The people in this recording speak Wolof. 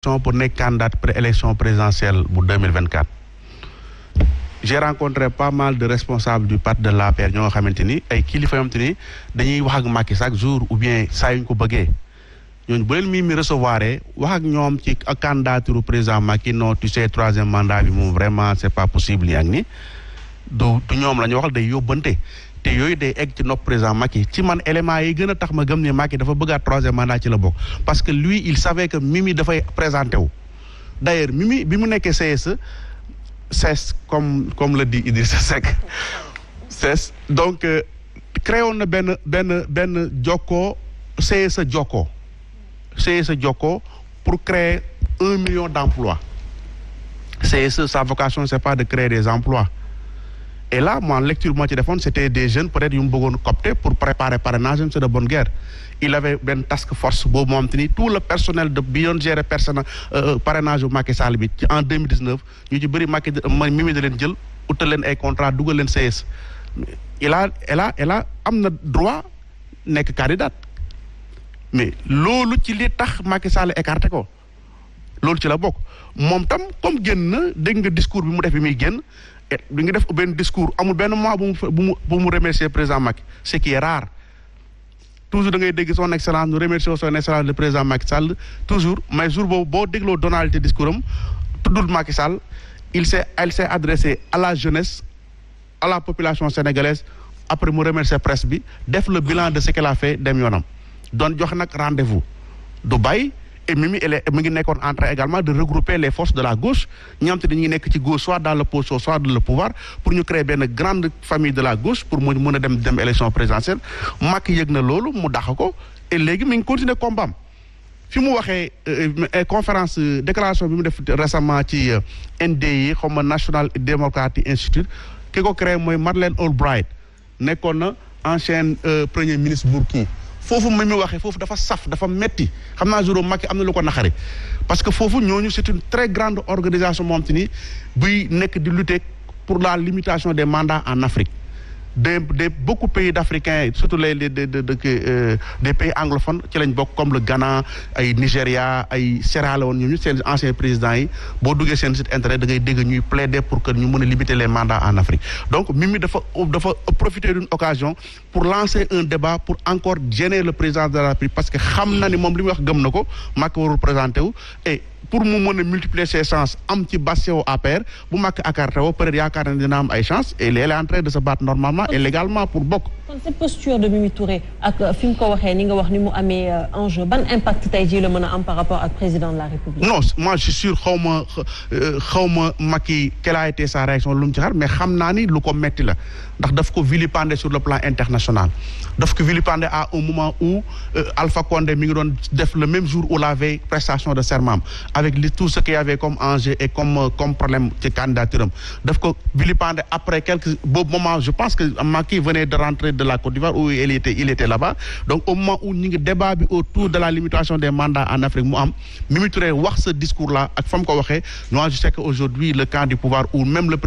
pour nekk candidat préélection présidentielle bu 2024 j'ai rencontré pas mal de responsables du parti de l'APR ñoo nga xamante ni ay kilifa yoo xamante dañuy wax ak Macky chaque jour ou bien saa ñu ko bëggee ñooñu bu mii mi recevoir wax ak ñoom ci candidature président Macky non tu sais troisième mandat bi moom vraiment c'est pas possible yi ak ni du ñoom la ñu waxal day yóbbante te yooyu day egg ci nopp président Macky ci man élément yi gën a tax ma gëm ne Macky dafa bëggaat troisième mandat ci la bokk parce que lui il savait que Mimi dafay présenté wu d'ailleurs Mimi bi mu nekkee CSE CES e comme comme le dit Idrissa Seck CES e, donc euh, créé woon na benn benn benn jokkoo CSE jokkoo sa e jokkoo pour créer un million d'emplois CSE sa vocation c'est pas de créer des emplois et là moi lecture moo ci defoon c'était des jeunes peut-être yu mu bëggoon coopter pour préparer parrainage c'est de bonne guerre il avait benn ni tout le personnel de bi yoon gérer personnel euh, euh, parrainage bu Macky Sall bi ci en 2019 ñu ci bëri Macky Mimi da jël utal leen ay contrat dugal leen CS il a il a am na droit nekk candidat mais loolu ci li tax Macky Sall écarté ko loolu ci la bokk moom tam comme génn dégg nga discours bi mu def bi muy génn Eh, du ngi def benn discours amul benn moo bu mu bu mu remercier président Macky ce qui est toujours da ngay dégg son excellence nous remercions son excellence le président Macky Sall toujours mais jour boobu boo dégloo donalité discours am tuddul Macky Sall il s'est elle s'est adressée à la jeunesse à la population sénégalaise après mu remercier presse bi def le bilan de ce qu'elle a dem yoonam doon jox nag rendez-vous du bàyyi et Mimi elle est mu ngi nekkoon en train également de regrouper les forces de la gauche ñi nga xam nekk ci gauche soit dans l'opposition soit dans le pouvoir pour ñu créer benn grande famille de la gauche pour mu mën a dem dem élection présidentielle Macky yëg na loolu mu dax ko et léegi mi ngi continuer combat am fi mu waxee euh, euh, conférence euh, déclaration bi mu def récemment ci NDI xaw ma National Democratic Institute ki ko créé mooy Madeleine Albright nekkoon na ancien premier ministre Burkina foofu mi mu waxee foofu dafa saf dafa metti xam naa juróom Macky am na lu ko naxari parce que foofu ñooñu c'est une très grande organisation moom te ni buy nekk di lutter pour la limitation des mandats en Afrique de des beaucoup pays d'africains surtout les les de de euh, des pays anglophones ci lañ bokk comme le Ghana ay Nigéria ay Sierra Leone ñoom ñu seen anciens présidents yi boo duggee seen site internet da ngay dégg ñuy plaider pour que ñu mën a limiter les mandats en Afrique donc Mimi dafa dafa profiter d'une occasion pour lancer un débat pour encore gêner le président de la République parce que xam na ni moom li muy wax gëm na ko Macky warul présenté wu pour mu mën a multiplier ses chances am ci basew APR bu màkk akarté woo peut être yaakaar na dina am ay chance et elle est de se battre normalement et légalement pour bokk kon cette posture de Mimi euh, ko waxee ni nga wax ni mu amee euh, enjeu ban impact tey jii la mën a am par rapport ak président de la République non moi je suis sûr xaw ma euh, xaw ma Macky quelle a sa réaction lu mu ci xar mais xam naa ni lu ko metti la ndax daf ko vilipender sur le plan international daf ko vilipender à un moment où Alpha Condé mi ngi doon def le même jour où la veille prestation de serment avec li tout ce qu'il y avait comme enjeu et comme euh, comme problème ci candidature am daf après quelques boobu moment je pense que Macky venait de rentrer de la Côte d'Ivoire où il était il donc au moment où ñu ngi autour de la limitation des mandats en Afrique mu am Mimi wax ce discours là ak fa mu ko je sais que aujourd'hui le camp du pouvoir ou même le